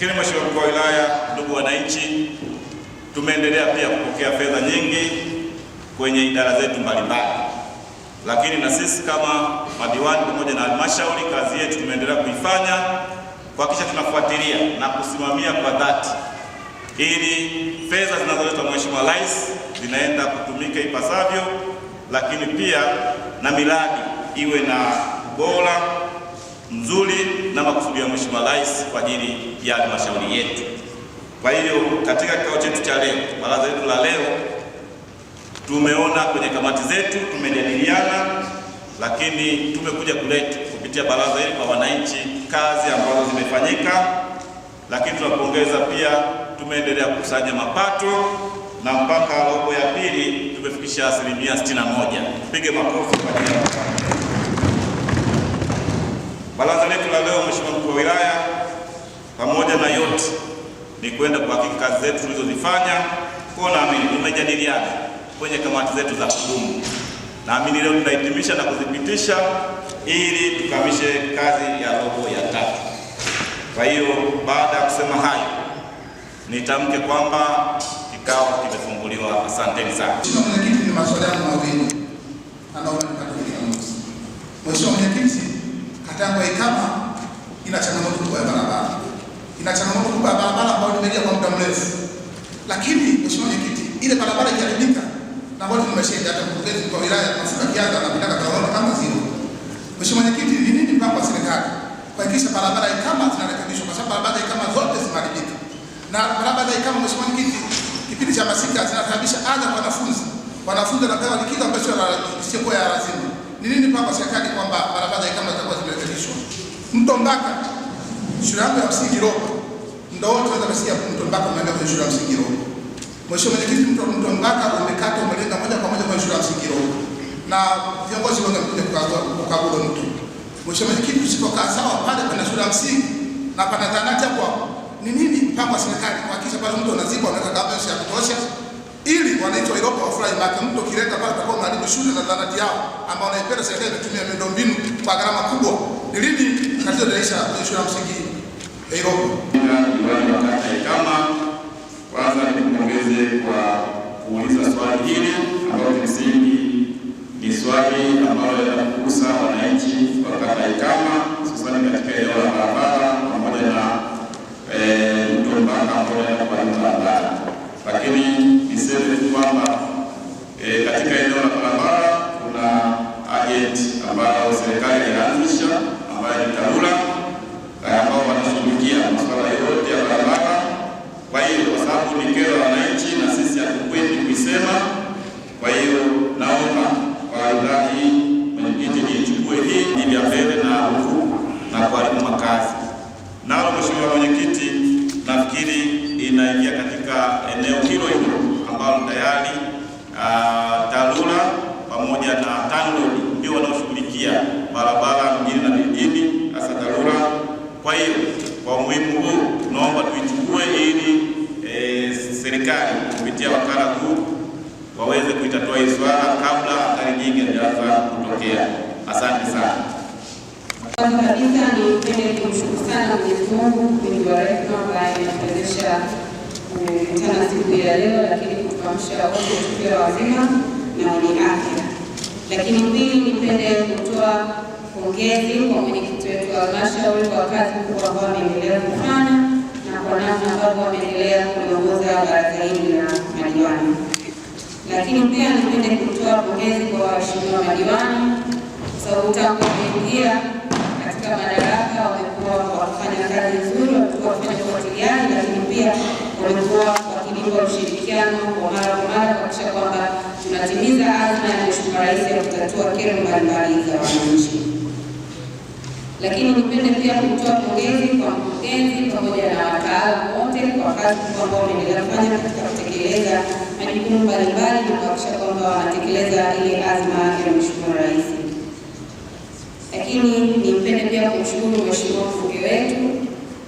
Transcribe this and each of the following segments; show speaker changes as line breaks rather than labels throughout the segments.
Lakini Mheshimiwa Mkuu wa Wilaya, ndugu wananchi, tumeendelea pia kupokea fedha nyingi kwenye idara zetu mbalimbali, lakini na sisi kama madiwani pamoja na halmashauri, kazi yetu tumeendelea kuifanya kuhakikisha tunafuatilia na kusimamia kwa dhati ili fedha zinazoletwa Mheshimiwa Rais zinaenda kutumika ipasavyo, lakini pia na miradi iwe na ubora nzuri na makusudi ya Mheshimiwa Rais kwa ajili ya halmashauri yetu. Kwa hiyo katika kikao chetu cha leo, baraza letu la leo, tumeona kwenye kamati zetu tumejadiliana, lakini tumekuja kuleta kupitia baraza hili kwa wananchi kazi ambazo zimefanyika, lakini tunapongeza pia, tumeendelea kukusanya mapato na mpaka robo ya pili tumefikisha asilimia 61. Pige makofi kwa ajili Baraza letu la leo, Mheshimiwa mkuu wa wilaya, pamoja na yote ni kwenda kuhakiki kazi zetu tulizozifanya. Kwa naamini tumejadiliana kwenye kamati zetu za kudumu, naamini leo tunahitimisha na kuzipitisha ili tukamishe kazi ya robo ya tatu. Kwa hiyo baada ya kusema hayo, nitamke kwamba kikao kimefunguliwa. Asanteni sana.
Mheshimiwa mwenyekiti, ni maswali yangu mawili. Mheshimiwa mwenyekiti ya Ikama ina changamoto kubwa ya barabara, ina changamoto kubwa ya barabara ambayo nimelia kwa muda mrefu, lakini mheshimiwa mwenyekiti, ile barabara ikiharibika na watu tumeshaenda hata mkurugenzi kwa wilaya tunafika kiaga na vitaka tunaona kama zero. Mheshimiwa mwenyekiti, ni nini mpango wa serikali kuhakikisha barabara Ikama zinarekebishwa, kwa sababu barabara Ikama zote zimeharibika na barabara Ikama, mheshimiwa mwenyekiti, kipindi cha masika zinasababisha adha kwa wanafunzi, wanafunzi wanapewa likizo ambayo sio ya lazima ni nini mpango wa serikali kwamba barabara hii kama zitakuwa zimerekebishwa? Mto Mbaka, shule yangu ya msingi Ropa, ndio watu wanaweza kusikia Mto Mbaka umeenda kwenye shule ya msingi Ropa. Mheshimiwa Mwenyekiti, mto Mto Mbaka umekata umelenga moja kwa moja kwenye shule ya msingi Ropa, na viongozi wengi wamekuja kukagua kukagua mto. Mheshimiwa Mwenyekiti, tusipokaa sawa pale kwenye shule ya msingi na pana zahanati hapo ni nini mpango wa serikali kuhakikisha pale mto unazibwa, unaweka gavana ya kutosha ili wanaitwa wa offline wafurahi, mtu kileta pale atakuwa mradi shule na zanati yao ambao wanaipenda. Serikali imetumia miundombinu kwa gharama kubwa. Ni lini tatizo linaisha kwenye shule ya msingi ya Iloka?
Diwani wa kata Ikama, kwanza nikupongeze kwa kuuliza swali hili ambalo kimsingi ni swali ambalo linakugusa wananchi wa kata ya Ikama, hususani katika eneo la barabara pamoja na eh, mto Mbaka ambao kwa barabara lakini niseme kwamba e, katika eneo la barabara kuna ajenti ambayo serikali inaanzisha ambayo ni TARURA eh, ambao wanashughulikia masuala yote ya barabara. Kwa hiyo kwa sababu ni kero ya wananchi na sisi hatukwendi kuisema, kwa hiyo naomba kwa idhaa hii mwenyekiti niichukue hii ili mbele na huku na kuharibu makazi. Nalo mheshimiwa mwenyekiti, nafikiri inaingia katika eneo hilo hilo maalum tayari ah, TARURA pamoja na TANROADS ndio wanaoshughulikia barabara mjini na vijijini, hasa TARURA. Kwa hiyo kwa umuhimu huu tunaomba tuichukue ili e, serikali kupitia wakala huu waweze kuitatua hii swala kabla hatari nyingi hazijaanza kutokea. Asante sana.
Kwanza kabisa nipende kumshukuru sana Mwenyezi Mungu kwa baraka ambayo inatuwezesha kukutana eh, siku ya leo lakini kuamsha wote tukiwa wazima na wenye afya. Lakini pili, nipende kutoa pongezi kwa mwenyekiti wetu wa halmashauri kwa kazi kubwa ambayo ameendelea kufanya na kwa namna ambavyo ameendelea kuongoza baraza hili la madiwani. Lakini pia nipende kutoa pongezi kwa waheshimiwa madiwani kwa sababu tangu kuingia katika madaraka wamekuwa wakifanya kazi nzuri, wamekuwa wakifanya ufuatiliaji, lakini pia wamekuwa kwa ushirikiano kwa mara kwa mara kuhakikisha kwamba tunatimiza azma ya Mheshimiwa Rais ya kutatua kero mbalimbali za wananchi. Lakini nipende pia kutoa pongezi kwa mkurugenzi pamoja na wataalamu wote kwa kazi kubwa ambao wanaendelea kufanya katika kutekeleza majukumu mbalimbali na kuhakikisha kwamba wanatekeleza ile azma ya Mheshimiwa Rais. Lakini nipende pia kumshukuru Mheshimiwa mfuke wetu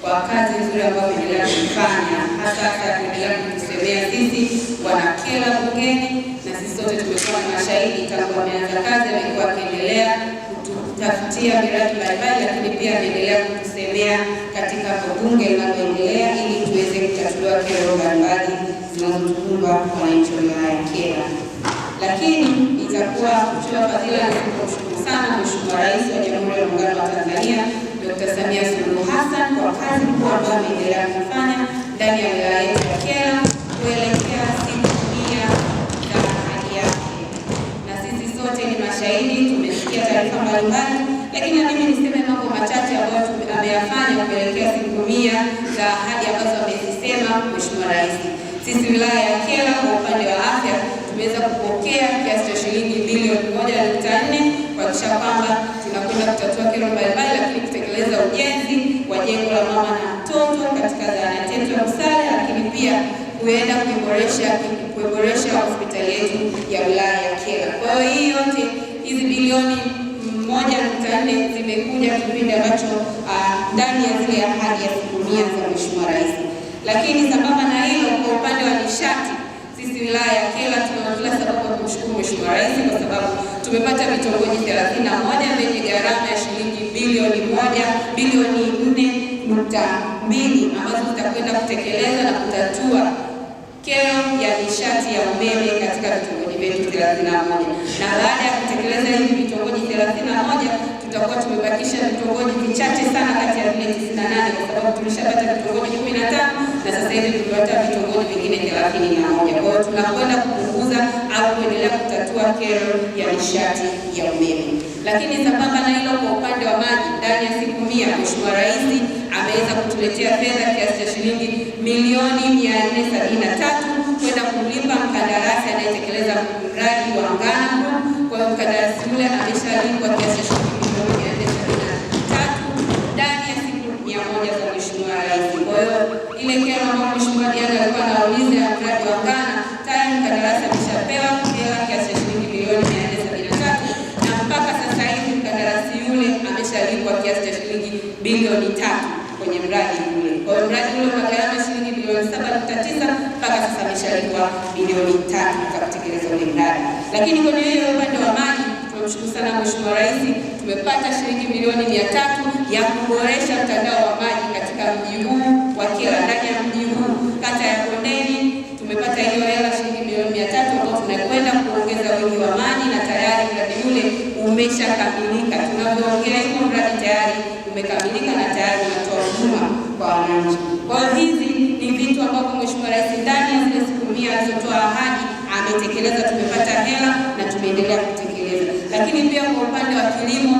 kwa kazi nzuri ambayo ameendelea kuifanya hasa hasa kuendelea kutusemea sisi wanakela bungeni, na sisi sote tumekuwa ni mashahidi. Tangu wameanza kazi, amekuwa akiendelea kututafutia miradi mbalimbali, lakini pia ameendelea kutusemea katika bunge linaloendelea, ili tuweze kutatua kero mbalimbali zinazotukumba wananchi wa wilaya ya Kyela. Lakini itakuwa kutoa fadhila na kushukuru sana Mheshimiwa Rais wa Jamhuri ya Muungano wa Tanzania Dr. Samia Suluhu Hassan kwa kazi kubwa ambayo ameendelea kufanya ndani ya wilaya yetu ya Kyela. mbalimbali, lakini mimi niseme mambo machache ambayo ameyafanya kuelekea siku mia za ahadi ambazo amezisema Mheshimiwa Rais. Sisi wilaya ya Kyela kwa upande wa afya tumeweza kupokea kiasi cha shilingi bilioni moja nukta nne kuhakikisha kwamba tunakwenda kutatua kero mbalimbali, lakini kutekeleza ujenzi wa jengo la mama na mtoto katika zahanati yetu ya Busale, lakini pia kuenda kuiboresha kuiboresha hospitali yetu ya wilaya ya Kyela. Kwa hiyo hiyo yote hizi bilioni moja nukta nne zimekuja kipindi ambacho ah, ndani ya zile ahadi ya siku mia za Mheshimiwa Rais. Lakini sambamba na hilo, kwa upande wa nishati sisi wilaya ya Kyela tuna kila sababu ya kumshukuru Mheshimiwa Rais kwa sababu tumepata vitongoji 31 vyenye gharama ya shilingi bilioni moja bilioni nne nukta mbili ambazo zitakwenda kutekeleza na kutatua kero ya nishati ya umeme katika vitongoji vyetu 31 na baada ya kutekeleza hivi vitongoji 31 tutakuwa tumebakisha vitongoji vichache sana kati ya 98 kwa sababu tumeshapata vitongoji 15 na sasa hivi tumepata vitongoji vingine 31. Kwa hiyo tunakwenda kupunguza au kuendelea kutatua kero ya nishati ya umeme. Lakini sambamba na hilo, kwa upande wa maji, ndani ya siku mia Mheshimiwa Rais ameweza kutuletea fedha kiasi cha shilingi milioni 473 kwenda kulipa mkandarasi anayetekeleza mradi wa Ngano. Kwa hiyo mkandarasi yule ameshalipwa kiasi cha shilingi milioni 473 ndani ya siku mia moja za Mheshimiwa Rais. Kwa hiyo ile kero ambayo Mheshimiwa Diana alikuwa anauliza ya mradi wa ngana tayari mkandarasi ameshapewa bilioni tatu kwenye mradi ule. Kwa hiyo mradi ule kwa gharama shilingi bilioni saba nukta tisa mpaka sasa imeshalipwa bilioni tatu kwa kutekeleza ule mradi. Lakini kwenye hiyo upande wa maji tumemshukuru sana Mheshimiwa Rais, tumepata shilingi milioni mia tatu ya kuboresha mtandao wa maji katika mji huu wa Kyela, ndani ya mji huu, kata ya Kondeni tumepata hiyo hela shilingi milioni mia tatu ambao tunakwenda kuongeza wingi wa maji na tayari mradi ule umeshakamilika. kwa wananchi. Kwa hiyo hizi ni vitu ambavyo Mheshimiwa Rais ndani ya zile siku mia alizotoa ahadi ametekeleza, tumepata hela na tumeendelea kutekeleza. Lakini pia kwa upande wa kilimo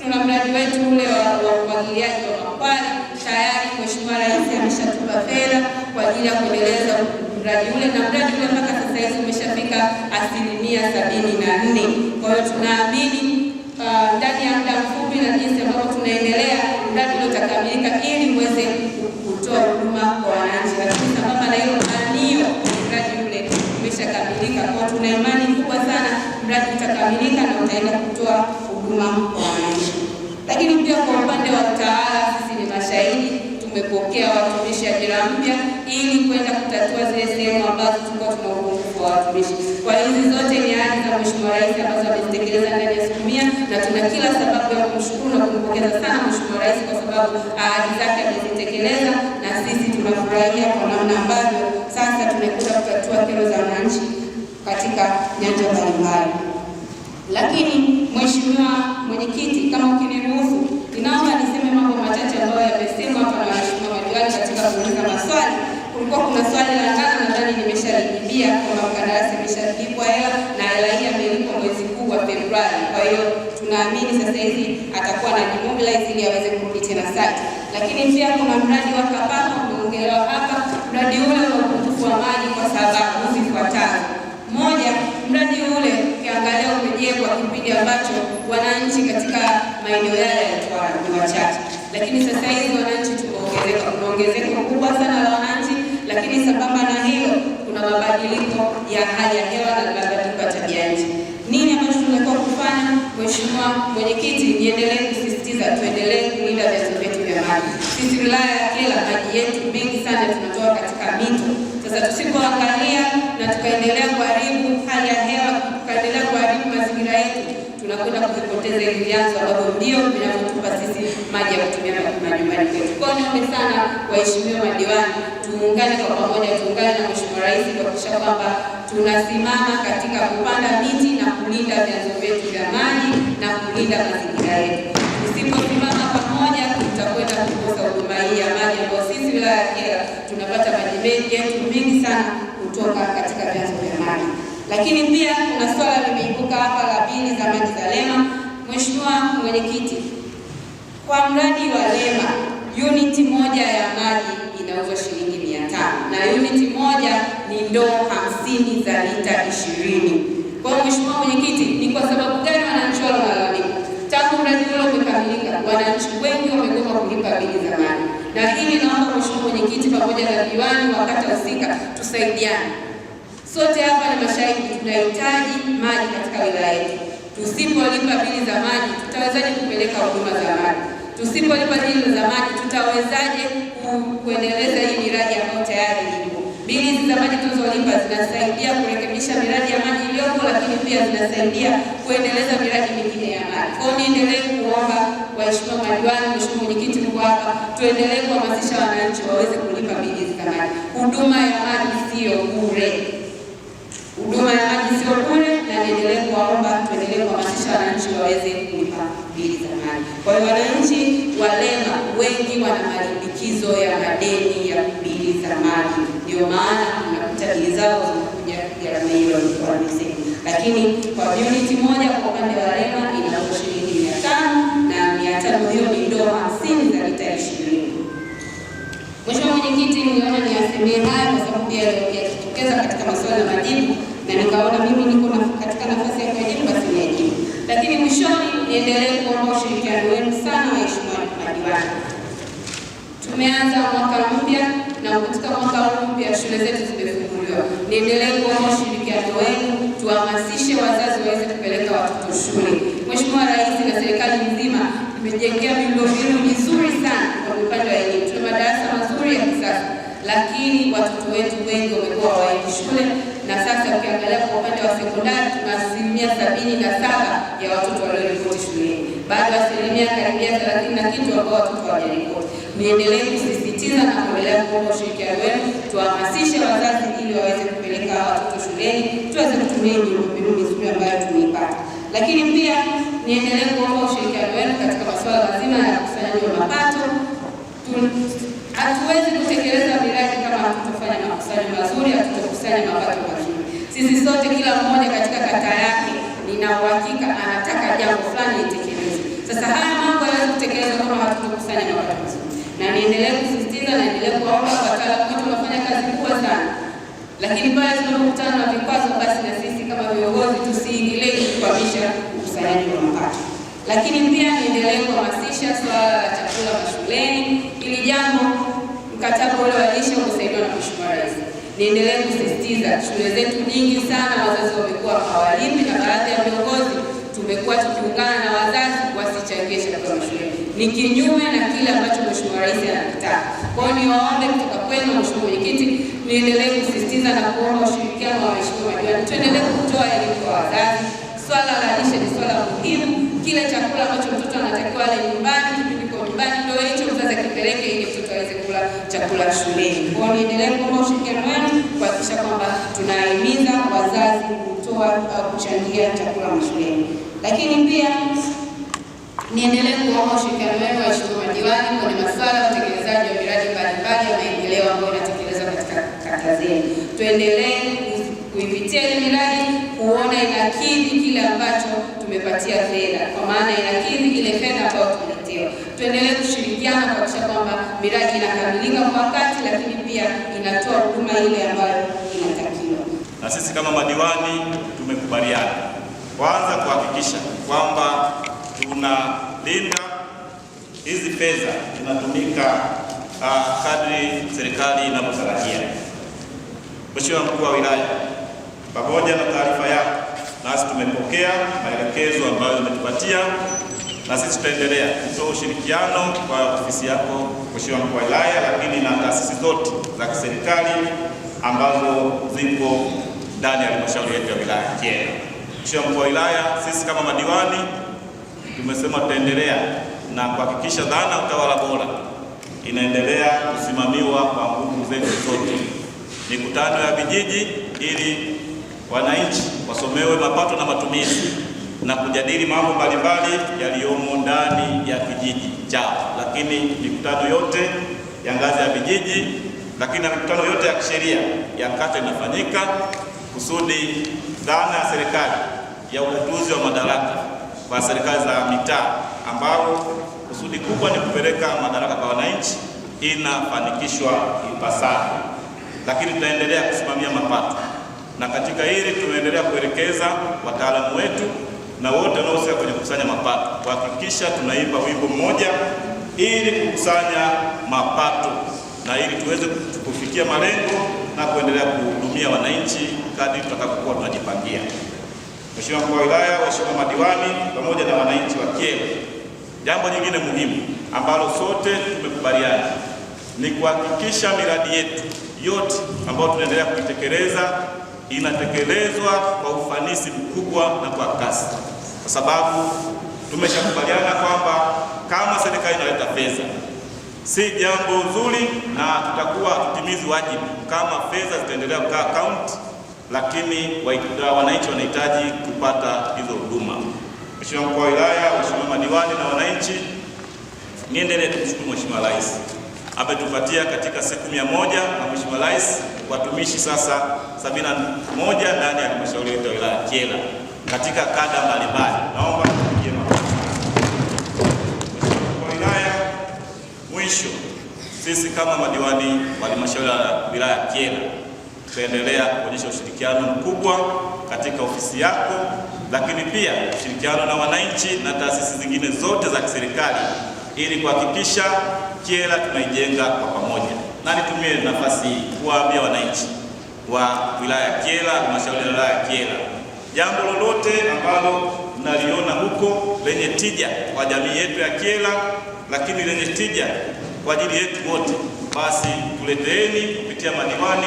tuna mradi wetu ule wa umwagiliaji wa makwale tayari Mheshimiwa Rais ameshatupa fedha kwa ajili ya kuendeleza mradi ule na mradi ule mpaka sasa hivi umeshafika asilimia sabini na nne. Kwa hiyo tunaamini uh, ndani uh, ya muda mfupi na jinsi ambavyo tunaendelea mradi ule utakamilika huduma kwa wananchi kabisa, kwamba na hilo maanio mradi ule umeshakamilika. Kwa tuna imani kubwa sana mradi utakamilika na utaenda kutoa huduma kwa wananchi. Lakini pia kwa upande wa utawala, sisi ni mashahidi, tumepokea watumishi ajira mpya ili kwenda kutatua zile sehemu ambazo tulikuwa tuna upungufu wa watumishi. Kwa hizi zote ni ahadi za Mheshimiwa Rais ambazo amezitekeleza ndani ya siku mia, na tuna kila sababu ya kumshukuru na kumpongeza sana Mheshimiwa Rais kwa sababu ahadi zake tunafurahia kwa namna ambavyo sasa tumekuja kutatua kero za wananchi katika nyanja mbalimbali. Lakini Mheshimiwa Mwenyekiti, kama ukiniruhusu, ninaomba niseme mambo machache ambayo yamesemwa hapa na waheshimiwa madiwani katika kuuliza maswali. Kulikuwa kuna swali la ngano, nadhani nimeshalijibia kwamba mkandarasi ameshalipwa hela na hela hii amelipwa mwezi huu wa Februari. Kwa hiyo tunaamini sasa hivi atakuwa na demobilize ili aweze kurudi tena site, lakini pia kuna mradi wa Kapapo hapa mradi ule wa upungufu wa maji kwa sababu zifuatazo. Moja, mradi ule ukiangalia umejengwa kipindi ambacho wananchi katika maeneo yale yalikuwa ni wachache, lakini sasa hivi wananchi tumeongezeka, kuna ongezeko kubwa sana la wananchi, lakini sambamba na hilo kuna mabadiliko ya hali ya hewa na mabadiliko ya tabia nchi. Nini ambacho tunatakiwa kufanya? Mheshimiwa Mwenyekiti, niendelee kusisitiza tuendelee kulinda vyanzo vyetu vya maji. Sisi wilaya yetu mingi sana tunatoa katika mito. Sasa tusipoangalia na tukaendelea kuharibu hali ya hewa, tukaendelea kuharibu mazingira yetu, tunakwenda kuvipoteza hivi vyanzo ambavyo ndio vinavyotupa sisi maji ya kutumia majumbani kwetu. Kwa niombe sana waheshimiwa madiwani, tuungane kwa pamoja, tuungane na Mheshimiwa Rais kuhakikisha kwamba tunasimama katika kupanda miti na kulinda vyanzo vyetu vya maji na kulinda mazingira yetu tutakwenda kukosa huduma hii ya maji ambayo sisi wilaya ya Kyela tunapata maji mengi yetu mengi sana kutoka katika vyanzo vya maji. Lakini pia kuna swala limeibuka hapa la bili za maji za Lema. Mheshimiwa Mwenyekiti, kwa mradi wa Lema uniti moja ya maji inauzwa shilingi mia tano na uniti moja ni ndoo hamsini za lita ishirini. Kwa hiyo Mheshimiwa Mwenyekiti, ni kwa sababu gani Na hili naomba mheshimiwa mwenyekiti pamoja na diwani wa kata husika tusaidiane. Sote hapa ni mashahidi, tunahitaji maji katika wilaya yetu. Tusipolipa bili za maji, tutawezaje kupeleka huduma za maji? Tusipolipa bili za maji, tutawezaje kuendeleza hii miradi ambayo tayari ipo? Bili za maji tunazolipa zina pia zinasaidia kuendeleza miradi mingine ya mali. Kwa hiyo niendelee kuomba waheshimiwa madiwani, mheshimiwa mwenyekiti mkuu hapa, tuendelee kuhamasisha wananchi waweze kulipa bili za mali. Huduma ya mali siyo bure, huduma ya mali siyo bure, na niendelee kuwaomba, tuendelee kuhamasisha wananchi waweze kulipa bili za mali. Kwa hiyo wananchi walema wengi wana malimbikizo ya madeni ya bili za maji, ndio maana unakuta bili zao zinakuja gharama hiyo. Alikuwa amesema lakini kwa unit moja kwa upande wa REMA ina shilingi mia tano na mia tano hiyo ni ndoo hamsini za lita ishirini. Mheshimiwa Mwenyekiti, niliona niyasemee haya kwa sababu pia yakitokeza katika masuala ya majibu na nikaona mimi niko katika nafasi ya kujibu basi niajibu, lakini mwishoni niendelee kuomba ushirikiano wenu sana waheshimiwa madiwani. Tumeanza mwaka mpya na katika mwaka mpya shule zetu zimefunguliwa, niendelee kuomba ushirikiano wenu tuhamasishe wazazi waweze kupeleka watoto shule. Mheshimiwa Rais na serikali nzima imejengea miundombinu mizuri sana kwa upande wa elimu. Tuna madarasa mazuri ya kisasa, lakini watoto wetu wengi wamekuwa hawaendi shule, na sasa ukiangalia kwa upande wa sekondari tuna asilimia sabini na saba ya watoto walioripoti shuleni, bado asilimia karibia thelathini na kitu ambao watoto hawajaripoti. Niendelee Tunasisitiza na kuendelea kuomba ushirikiano wenu, tuwahamasishe wazazi ili waweze kupeleka watoto shuleni, tuweze kutumia miundombinu mizuri ambayo tumeipata. Lakini pia niendelee kuomba ushirikiano wenu katika masuala mazima ya kusanyaji wa mapato. Hatuwezi kutekeleza miradi kama hatutofanya makusanyo mazuri, hatutokusanya mapato mazuri. Sisi sote, kila mmoja katika kata yake, nina uhakika anataka jambo fulani litekelezwe. Sasa haya mambo yaweze kutekelezwa kama hatutokusanya mapato mazuri na niendelee na endelea kuwaomba wataalamu wetu wanafanya kazi kubwa sana, lakini pale tunapokutana na vikwazo, basi na sisi kama viongozi tusiingilie kukwamisha ukusanyaji wa mapato. Lakini pia niendelee kuhamasisha swala la chakula mashuleni, ili jambo mkataba ule wa lishe umesaidiwa na Mheshimiwa Rais. Niendelee kusisitiza shule zetu nyingi sana wazazi wamekuwa hawalipi, na baadhi ya viongozi tumekuwa tukiungana na wazazi wasichangie chakula mashuleni ni kinyume na kile ambacho Mheshimiwa Rais anakitaka. Kwa hiyo niwaombe kutoka kwenu, Mheshimiwa Mwenyekiti, niendelee kusisitiza na kuomba ushirikiano wa Mheshimiwa Madiwani, tuendelee kutoa elimu kwa wazazi. Swala la lishe ni swala muhimu. Kile chakula ambacho mtoto anatakiwa ale nyumbani, kipindi kwa nyumbani, ndio hicho mzazi akipeleke, ili mtoto aweze kula chakula shuleni. Kwa hiyo niendelee kuomba ushirikiano wenu kuhakikisha kwamba tunahimiza wazazi kutoa au uh, kuchangia chakula mashuleni, lakini pia Niendelee kuomba ushirikiano wenu waheshimiwa madiwani kwenye masuala ya utekelezaji wa miradi mbalimbali ya maendeleo ambayo inatekelezwa katika kata zenu. Tuendelee kuipitia ile miradi kuona inakidhi kile ambacho tumepatia fedha, kwa maana inakidhi ile fedha ambayo tumeletewa. Tuendelee kushirikiana kuhakikisha kwamba miradi inakamilika kwa wakati, lakini pia inatoa huduma ile ambayo inatakiwa.
Na sisi kama madiwani tumekubaliana kwanza kuhakikisha kwamba tuna Linda. Hizi pesa zinatumika uh, kadri serikali inavyotarajia. Mheshimiwa mkuu wa wilaya, pamoja na taarifa yako, nasi tumepokea maelekezo ambayo umetupatia na sisi tutaendelea kutoa ushirikiano kwa ofisi yako Mheshimiwa mkuu wa wilaya, lakini na taasisi zote za kiserikali ambazo ziko ndani ya halmashauri yetu ya wilaya Kyela. Mheshimiwa mkuu wa wilaya, sisi kama madiwani tumesema tutaendelea na kuhakikisha dhana ya utawala bora inaendelea kusimamiwa kwa nguvu zetu zote. Mikutano ya vijiji ili wananchi wasomewe mapato na matumizi na kujadili mambo mbalimbali yaliyomo ndani ya kijiji chao, lakini mikutano yote ya ngazi ya vijiji, lakini na mikutano yote ya kisheria ya kata inafanyika kusudi dhana ya serikali ya ugatuzi wa madaraka wa serikali za mitaa ambao kusudi kubwa ni kupeleka madaraka kwa wananchi, inafanikishwa ipasavyo, lakini tunaendelea kusimamia mapato, na katika hili tumeendelea kuelekeza wataalamu wetu na wote wanaohusika kwenye kukusanya mapato kuhakikisha tunaimba wimbo mmoja ili kukusanya mapato na ili tuweze kufikia malengo na kuendelea kuhudumia wananchi kadri tutakapokuwa tunajipangia. Mheshimiwa mkuu wa wilaya, waheshimiwa madiwani pamoja na wananchi wa Kyela, jambo jingine muhimu ambalo sote tumekubaliana ni kuhakikisha miradi yetu yote ambayo tunaendelea kuitekeleza inatekelezwa kwa ufanisi mkubwa na kwa kasi, kwa sababu tumeshakubaliana kwamba kama serikali inaleta pesa si jambo zuri, na tutakuwa tutimizi wajibu kama fedha zitaendelea kukaa akaunti lakini wananchi wanahitaji kupata hizo huduma. Mheshimiwa mkuu wa wilaya, mheshimiwa madiwani na wananchi, niendelee kumshukuru Mheshimiwa Rais ametupatia katika siku mia moja na Mheshimiwa Rais watumishi sasa sabini na moja ndani ya halmashauri yetu ya wilaya Kyela katika kada mbalimbali. Naomba tupige makofi. Mheshimiwa mkuu wa wilaya, mwisho sisi kama madiwani wa halmashauri ya wilaya Kyela tutaendelea kuonyesha ushirikiano mkubwa katika ofisi yako, lakini pia ushirikiano na wananchi na taasisi zingine zote za kiserikali ili kuhakikisha Kyela tunaijenga kwa pamoja. Na nitumie nafasi hii kuwaambia wananchi wa wilaya ya Kyela, halmashauri ya wilaya ya Kyela, jambo lolote ambalo mnaliona huko lenye tija kwa jamii yetu ya Kyela, lakini lenye tija kwa ajili yetu wote, basi tuleteeni kupitia madiwani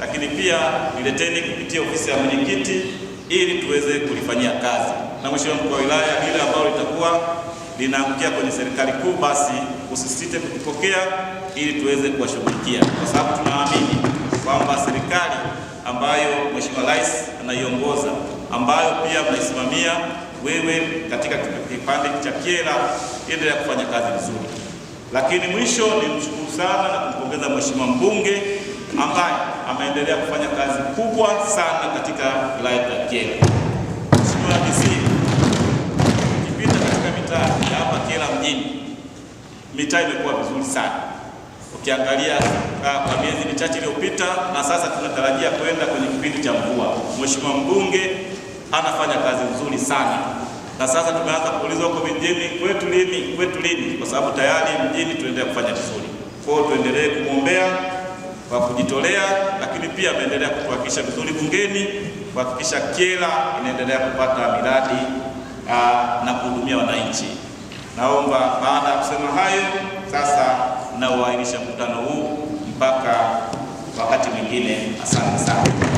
lakini pia nileteni kupitia ofisi ya mwenyekiti ili tuweze kulifanyia kazi. Na mheshimiwa mkuu wa wilaya, lile ambalo litakuwa linaangukia kwenye serikali kuu, basi usisite kukipokea ili tuweze kuwashughulikia, kwa sababu tunaamini kwamba serikali ambayo mheshimiwa rais anaiongoza, ambayo pia mnaisimamia wewe katika kipande cha Kyela, endelea kufanya kazi vizuri. Lakini mwisho ni mshukuru sana na kumpongeza mheshimiwa mbunge ambaye ameendelea kufanya kazi kubwa sana katika wilaya ya Kyela. Mheshimiwa DC, ukipita katika mitaa ya hapa Kyela mjini, mitaa imekuwa vizuri sana. Ukiangalia ah, kwa miezi michache iliyopita na sasa, tunatarajia kwenda kwenye kipindi cha mvua. Mheshimiwa mbunge anafanya kazi nzuri sana na sasa tumeanza kuulizwa huko mjini, kwetu lini, kwetu lini? Kwa sababu tayari mjini tunaendelea kufanya vizuri. Kwa hiyo tuendelee kumwombea kwa kujitolea, lakini pia ameendelea kutuwakilisha vizuri bungeni kuhakikisha kela inaendelea kupata miradi na kuhudumia wananchi. Naomba baada ya kusema hayo sasa nauainisha mkutano huu mpaka wakati mwingine. Asante sana.